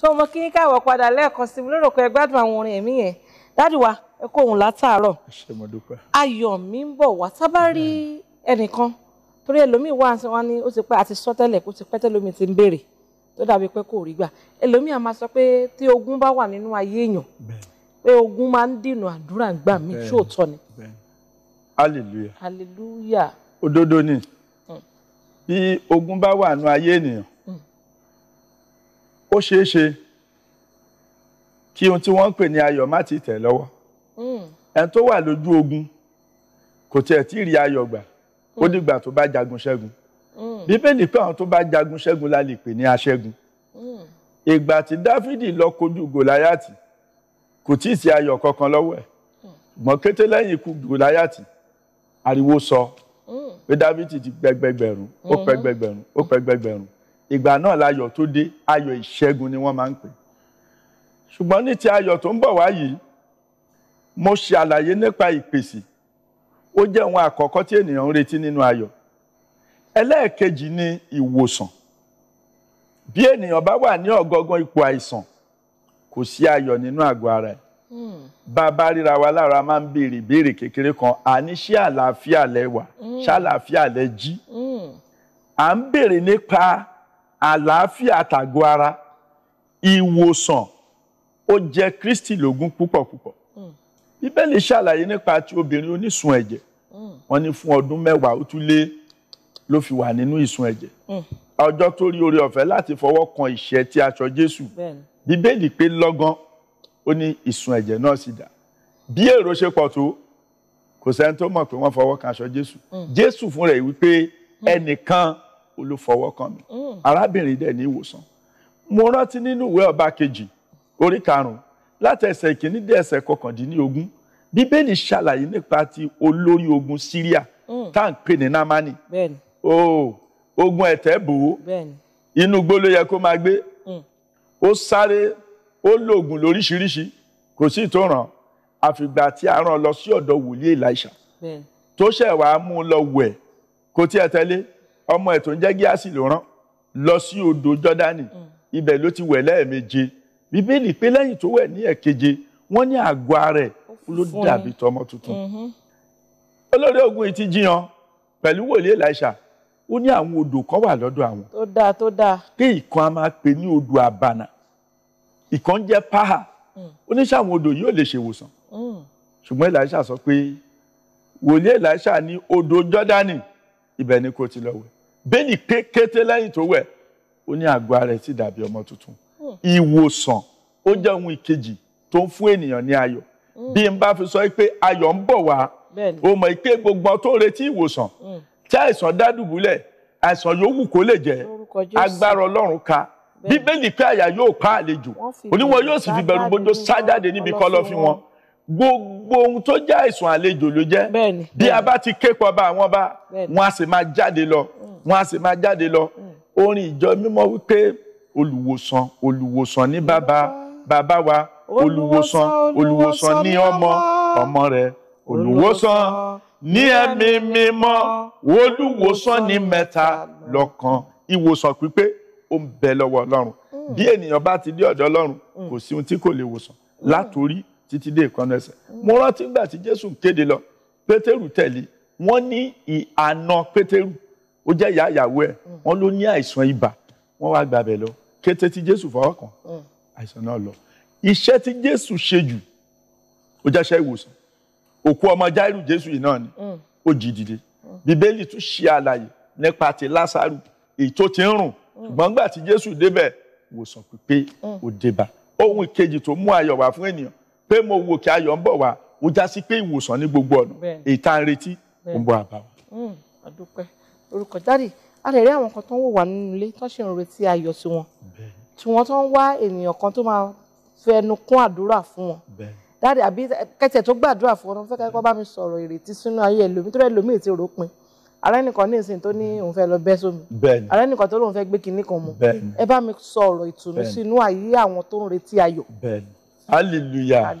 tó mọ kí n káwọ̀ padà lẹ́ẹ̀kan sí mi lérò pé ẹ gbádùn àwọn orin ẹ̀mí yẹn dádùwà ẹ kó òun látàárọ̀ ayọ̀ mi ń bọ̀ wá sábà rí ẹnìkan torí ẹlòmíì wà wá ní ó ti pẹ́ àti sọ tẹ́lẹ̀ kó ti pẹ́ tẹ́lòmíì ti ń béèrè tó dàbí pé kò rí gbà ẹlòmíì á máa sọ pé tí ogun bá wà nínú ayé èèyàn pé ogun máa ń dènà àdúrà gbà mí ṣóòtọ́ ni. hallelujah hallelujah òdodo ni hmm. bí ogun bá wà nínú ayé ènìyàn ó ṣeé ṣe kí ohun tí wọ́n ń pè ní ayọ̀ má ti tẹ̀ lọ́wọ́ hmm. ẹni tó wà lójú ogun kò tiẹ̀ tí ì rí ayọ̀ gbà ó hmm. dìgbà tó bá jagun ṣẹ́gun hmm. bíbélì pé àwọn tó bá jagun ṣẹ́gun la lè pè ní aṣẹ́gun ìgbà tí dáfídì lọ kojú gòláyàtì kò tí ì sí ayọ̀ kankan lọ́wọ́ ẹ̀ mọ̀ kété lẹ́yìn ikú gòláyàtì ariwo sọ pé dáfídì ti pẹgbẹgbẹ̀rún ó pẹgbẹgbẹ̀rún ó pẹgbẹgbẹ̀rún ìgbà náà láyọ̀ tó dé ayọ̀ ìṣẹ́gun ni wọ́n máa ń pè ṣùgbọ́n ní ti ayọ̀ tó ń bọ̀ wá mo ṣe àlàyé nípa ìpèsè ó jẹ́ ohun àkọ́kọ́ tí ènìyàn ń retí nínú ayọ̀ ẹlẹ́ẹ̀kejì ni ìwòsàn bí ènìyàn bá wà ní ọ̀gọ́gán ipò àìsàn kò sí ayọ̀ nínú àgọ́ ara ẹ̀ hmm. bá a bá ríra wa lára máa ń béèrè ìbéèrè kékeré kan àní ṣé àlàáfíà lẹ wà hmm. ṣàlàáfíà lẹ jí hmm. à ń béèrè nípa àlàáfíà tàgọ ara ìwòsàn ó jẹ́ Kristi lógún púpọ̀ púpọ̀ hmm. bíbélì ṣàlàyé nípa ti obìnrin onísun ẹ̀jẹ̀ hmm. wọ́n ní fún ọdún mẹ́wàá ó tún lé ló fi wà nínú ìsun ẹ̀jẹ̀ hmm. ọjọ́ tó rí oore ọ̀fẹ́ láti fọwọ́ kan ìṣẹ́ tí aṣọ Jésù bíbélì pé lọ́gán ó ní ìsun ẹ̀jẹ̀ náà sì dà bí èrò ṣe pọ̀ tó kò sẹ́ni tó mọ̀ pé wọ́n fọwọ́ kan aṣọ Jésù Jésù fúnra ẹ̀ wípé ẹnìkan. Mm ló fọwọ́ kàn mí arábìnrin dẹ̀ ní ìwòsàn mo rántí nínú ìwé ọba kejì orí karùnún láti ẹsẹ̀ ìkíní dé ẹsẹ̀ kọkàndínlógún bíbélì ṣàlàyé nípa ti olórí ogun Síríà hmm. tá à ń pè ní Námánì ogun ẹ̀tẹ̀ bò ó inú igbó ló yẹ kó máa gbé hmm. ó sáré ó lògùn lóríṣiríṣi kò sí tó ràn àfìgbà tí a rán lọ sí ọ̀dọ̀ wòlíì Èlíṣà tó ṣẹ̀ wá mú un lọ wẹ̀ kò tiẹ̀ tẹ́lẹ̀ ọmọ ẹ̀ tó ń jẹ́ gíásì ló rán lọ sí odò jọ́dánì mm. ibẹ̀ ló ti wẹ̀ lẹ́ẹ̀meje bíbélì pé lẹ́yìn tó wẹ̀ ní ẹ̀keje wọ́n ní àgọ́ ara ẹ̀ ló dàbí tọmọ tuntun mm-hmm. olórí ogun yìí ti jiyàn pẹ̀lú wòlíì Èlíṣà ó ní àwọn odò kan wà lọ́dọ̀ àwọn. tó dáa tó dáa. pé ìkan a máa pè ní odò àbànà ìkan ń jẹ́ paha mm. ó ní sáwọn odò yìí ò lè ṣèwòsàn mm. ṣùgbọ́n Èlíṣà sọ pé wòlíì Èlíṣà ní odò Jọ́dánì ibẹ̀ ni kò ti lọ wẹ̀ bẹ́ẹ̀ni kété lẹ́yìn tó wẹ̀ ó ní àgọ́ ara ẹ̀ sì dàbí ọmọ tuntun hmm. ìwòsàn ó jẹ́ ohun ìkejì tó ń fún ènìyàn ní ayọ̀ hmm. bí n bá fi sọ pé ayọ̀ ń bọ̀ wá o mọ̀ pé gbogbo tó retí ìwòsàn hmm. tí àìsàn dádùbúlẹ̀ àìsàn yòówù kó lè jẹ́ agbára ọlọ́run ka bíbélì pé àyà yóò pa àlejò oníwọ̀n yóò sì fi bẹ̀rù bójó sá jáde níbi kọ́lọ́fín wọn gbogbo ohun tó jẹ́ àìsàn àlejò ló jẹ́ bí a bá ti ké pọ̀ bá àwọn ọba wọn a sì máa jáde lọ mm. wọn a sì máa jáde lọ mm. orin ìjọ mímọ́ wípé olùwòsàn olùwòsàn ní bàbá bàbá wa olùwòsàn olùwòsàn ní ọmọ ọmọ rẹ olùwòsàn ní ẹ̀mí mímọ́ olùwòsàn ní mẹ́ta lọ́kan ìwòsàn pípé ó ń bẹ lọ́wọ́ ọlọ́run mm. bí ènìyàn bá ti dé ọ̀dọ̀ ọlọ́run kò sí ohun tí kò lè wòsàn látòrí títí dé ìkànnì ẹsẹ̀ mo rántí gbà tí jésù kéde lọ pétérù tẹ̀lé wọ́n ní ìhànà pétérù ó jẹ́ ìyá ìyàwó ẹ̀ mm. wọ́n ló ní àìsàn ibà wọ́n wá gbàbẹ̀ lọ kété tí jésù fọwọ́ kàn mm. àìsàn náà lọ iṣẹ́ tí jésù ṣe jù ó jẹ́ṣẹ́ ìwòsàn òkú ọmọ jáírù jésù yìí náà ni mm. ó jí dìde bíbélì tún ṣe àlàyé nípa ti lásàrù èyí tó ti ń rùn ṣùgbọ́n gbà tí jésù débẹ̀ ìwòsàn pípé ó débà ohun ìkejì tó mú ayọ̀ wá fún ènìyàn pé mo wò kí ayọ̀ ń bọ̀ wá ó já sí pé ìwòsàn ní gbogbo ọ̀nà èyí tá a retí ń bọ̀ àbá wa. àdúpẹ́ hmm, orúkọ jáde a lè rí àwọn kan tó ń wò wá nínú ilé tó ṣe ń retí ayọ̀ sí wọn tí wọ́n tó ń wá ènìyàn kan tó máa fẹnu kún àdúrà fún wọn dáre àbí kẹtẹ tó gbàdúrà fún ọ fẹ́ kẹ́kọ̀ọ́ bá mi sọ̀rọ̀ ìrètí sínú ayé ẹlòmíì tó rẹ lòmíì ti ròpin ara ẹnìkan ní ìsìn tó ní hmm. òun fẹ́ lọ bẹ́ sómi ara ẹnìkan tó lóun fẹ́ gbé kinní kan mu ẹ bá mi sọ̀rọ̀ ìtùnú sínú ayé àwọn tó ń retí ayọ̀ hallelujah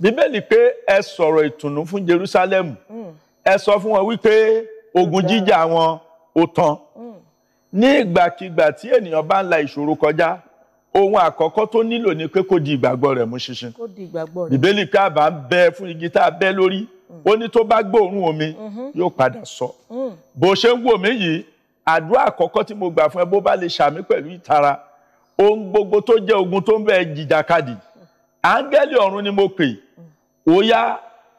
bíbélì pé ẹ sọ̀rọ̀ ìtùnú fún jerusalem hmm. ẹ sọ fún wọn wípé ogun jíjà wọn ó tán hmm. ní ìgbàkigbà tí ènìyàn bá ń la ìṣòro kọjá ohun àkọ́kọ́ tó nílò ni pé kó di ìgbàgbọ́ rẹ̀ mú ṣinṣin bíbélì pé àbá ń bẹ fún igi tá a bẹ́ lórí hmm. ó ní tó bá gbóòórùn omi yóò padà sọ bó ṣe ń wò mí yìí àdúrà àkọ́kọ́ tí mo gbà fún ẹ bó bá lè ṣàmì pẹ̀lú ìtara ohun gbogbo tó jẹ́ ogun tó ń bẹ jìjàkadì áńgẹ́lì ọ̀run ni mo pè ó yá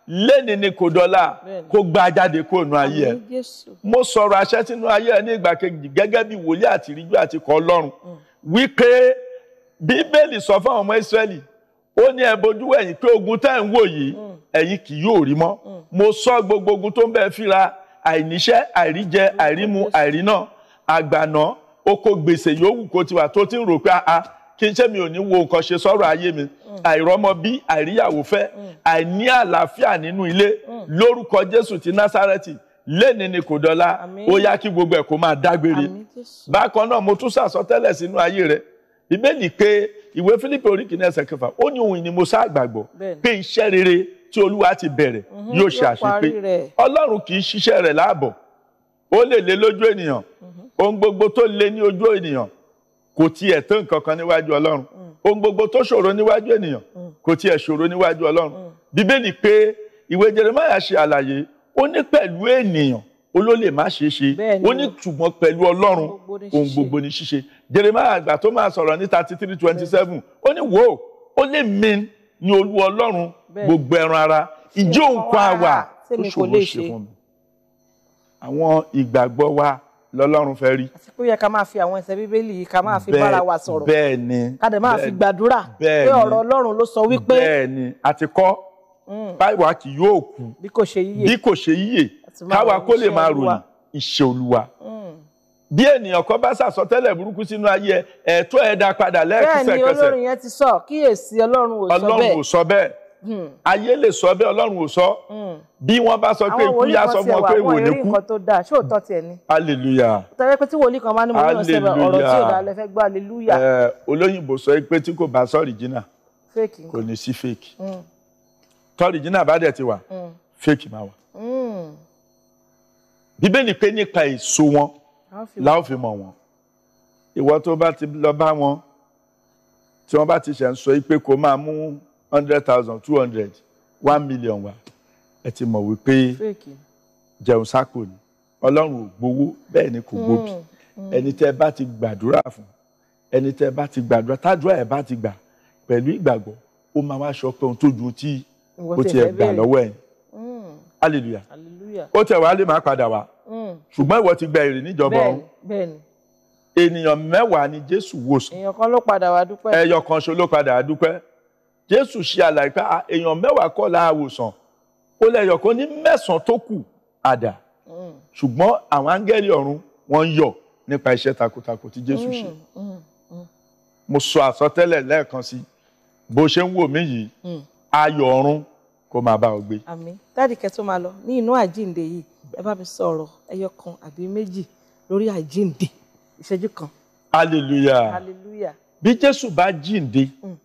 lẹ́ni ni kò dọ́là kó gba jáde kó nu ayé ẹ mo sọ̀rọ̀ àṣẹ sínú ayé ẹ ní ìgbà kejì gẹ́gẹ́ bí wòlíì àti ìríjú àti kọ́ ọlọ́run mm. wípé bíbélì sọ fún àwọn ọmọ ìsírẹ́lì ó ní ẹ bojú ẹ̀yìn pé ogun tẹ́ ń wò yìí mm. ẹ̀yin kì yóò rí mọ́ mm. mo sọ gbogbo ogun tó ń bẹ fíra àìníṣẹ́ àìríjẹ àìrímu àìrínà àgbàná oko gbèsè yòówù kó ti tó ti ń rò pé a kí n ṣe mi ò ní wo nǹkan ṣe sọ̀rọ̀ ayé mi. Mm. àìrọ́mọbí àìríyàwó fẹ́ mm. àìní àlàáfíà nínú ilé mm. lórúkọ Jésù ti Násárẹ́tì lẹ́ni ni kò dọ́là ó yá kí gbogbo ẹ̀ kó máa dágbére bákan náà mo tún sàsọtẹ́lẹ̀ sínú ayé rẹ ìbéèlì pé ìwé Fílípì orí kìíní ẹsẹ̀ kẹfà ó ní ohun ìní mo sá àgbàgbọ́ pé iṣẹ́ rere tí Olúwa ti bẹ̀rẹ̀ mhm, yóò ṣe àṣepé Ọlọ́run kì í ṣiṣẹ́ rẹ̀ láàbọ̀ ó lè lé lójú ènìyàn mhm. ohun gbogbo tó lé ní ojú ènìyàn kò tiẹ̀ tó nǹkan kan níwájú Ọlọ́run ohun gbogbo tó ṣòro níwájú ènìyàn mm. kò tiẹ̀ ṣòro níwájú ọlọ́run mm. bíbélì pé ìwé jeremiah ṣe àlàyé ó ní pẹ̀lú ènìyàn ó ló lè má ṣeé ṣe ó ní ṣùgbọ́n pẹ̀lú ọlọ́run ohun gbogbo ní ṣíṣe jeremiah àgbà tó máa sọ̀rọ̀ ní thirty three twenty seven ó ní wò ó lè mi ní olú ọlọ́run gbogbo ẹran ara ìjó nǹkan àwà tó ṣòro ṣe fún mi àwọn ìgbàgbọ́ wa lọ́lọ́run fẹ́ rí. àti pé ó yẹ ká máa fi àwọn ẹsẹ̀ bíbélì yìí ká máa fi bára wa sọ̀rọ̀ bẹ́ẹ̀ ni ká dẹ̀ máa fi gbàdúrà pé ọ̀rọ̀ ọlọ́run ló sọ wípé. bẹ́ẹ̀ ni àti kọ́ hmm. báwa kì yóò kú hmm, bí kò ṣe yíyè bí kò ṣe yíyè káwa kó lè máa ròyìn ìṣe olúwa. Hmm. bí ènìyàn kan bá sàsọtẹ́lẹ̀ burúkú sínú ayé ẹ ẹ̀tọ́ ẹ dá padà lẹ́ẹ̀kẹsẹ̀kẹsẹ̀ bẹ́ẹ̀ ni olórin yẹn ti sọ kíyèsí ọlọ́run ò sọ bẹ́ẹ̀ ayé lè sọ bẹ́ẹ̀ ọlọ́run ò sọ bí wọ́n bá sọ pé ikú yá sọ fún ọ pé ìwò ní kú hallelujah tọ́wọ́ pé tí wòlíì kan máa ní mo ní ọ̀sẹ̀ bẹ̀ ọ̀rọ̀ tí ò dá lẹ́fẹ́ gbọ́ hallelujah. olóyìnbó sọ pé tí kò bá sọ original kò ní sí fake mm. tọ́rìjínà bá dẹ̀ ti wà mm. fake máa wà mm. bíbélì pé nípa èso wọn la ó fi mọ̀ wọn ìwọ tó bá ti lọ bá wọn tí wọ́n bá ti ṣẹ̀ ń sọ pé kó máa mú hundred thousand two hundred one million wa ẹ ti mọ̀ wípé jẹun sáko ni ọlọ́run ò gbowó bẹ́ẹ̀ ni kò hmm, gbóbi hmm. ẹni tẹ́ bá ti gbàdúrà fún ẹni tẹ́ bá ti gbàdúrà tádùá ẹ̀ bá ti gbà pẹ̀lú ìgbàgbọ́ ó máa wá sọ pé ohun tó ju tí ó ti gbà lọ́wọ́ ẹ̀ hmm. hallelujah ó tẹ̀ wá lè má padà wá ṣùgbọ́n ìwọ ti gba èrè níjọba ọ̀hún ènìyàn mẹ́wàá ni jésù wòsàn èèyàn kan ló padà wá dúpẹ́ ẹyọ ṣo ló padà wá dúpẹ́ jésù ṣe àlàyé pé èèyàn mẹ́wàá kọ́ la àwòsàn ó lẹ́yọ̀ kó ní mẹ́sàn-án tó kù àdá mm. ṣùgbọ́n àwọn áńgẹ́lì ọ̀run wọ́n ń yọ̀ nípa iṣẹ́ takuntakun tí jésù ṣe mm, mm, mo sọ àsọtẹ́lẹ̀ lẹ́ẹ̀kan sí bó ṣe ń wò mí yìí ayọ̀ ọ̀run kó máa bá ọ gbé. àmín dáàdì kẹtó máa lọ ní inú àjíǹde yìí ẹ bá mi sọ̀rọ̀ ẹyọ kan àbí méjì lórí àjíǹde ìṣẹ́jú kan. hallelujah hallelujah bí jésù bá jíǹde. Mm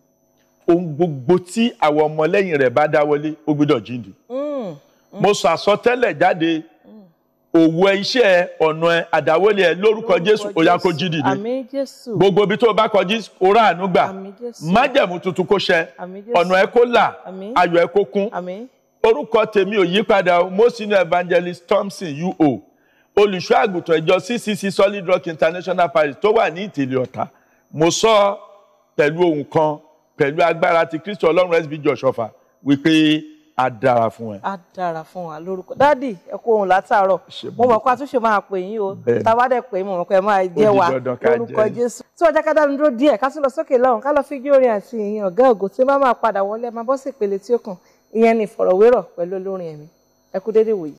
ohun gbogbo tí àwọn ọmọlẹ́yìn rẹ̀ bá dáwọ́lé ó gbọ́dọ̀ jíǹde mm, mm. mo sọ àsọtẹ́lẹ̀ jáde òwò iṣẹ́ ọ̀nà àdáwọlé ẹ lórúkọ jésù òyà kó jí dìde gbogbo ibi tó o bá kọjí orá àánú gbà májẹ̀mú tuntun kó ṣẹ ọ̀nà ẹ kó là ayọ̀ ẹ kó kún orúkọ tèmi ò yípadà o mo evangelist thompson uo olùṣọ́ àgùntàn ìjọ ccc solid rock international parish tó wà ní ìtìlẹ̀ ọ̀tà mo sọ pẹ̀lú ohun kan pẹ̀lú agbára ti kristu ọlọ́run SB Josh Offa wípé a dára fún ẹ. a dára fún wa lórúkọ dádì ẹ kó ohun látàárọ̀ mo mọ̀ pé àtúnṣe máa pè yín o táwa dẹ̀ pè yín mo mọ̀ pé ẹ máa jẹ́ wa lórúkọ jésù. tí wọ́n já kádà dúró díẹ̀ ká tún lọ sókè lọ́hùn ká lọ fi gé orin àti ìyìn ọ̀gá ògo tí máa máa padà wọlé ẹ máa bọ́ sí ìpele tí ó kàn ìyẹn ni ìfọ̀rọ̀wérọ̀ pẹ̀lú olórin ẹ̀mí ẹ kú déédéé wòyí.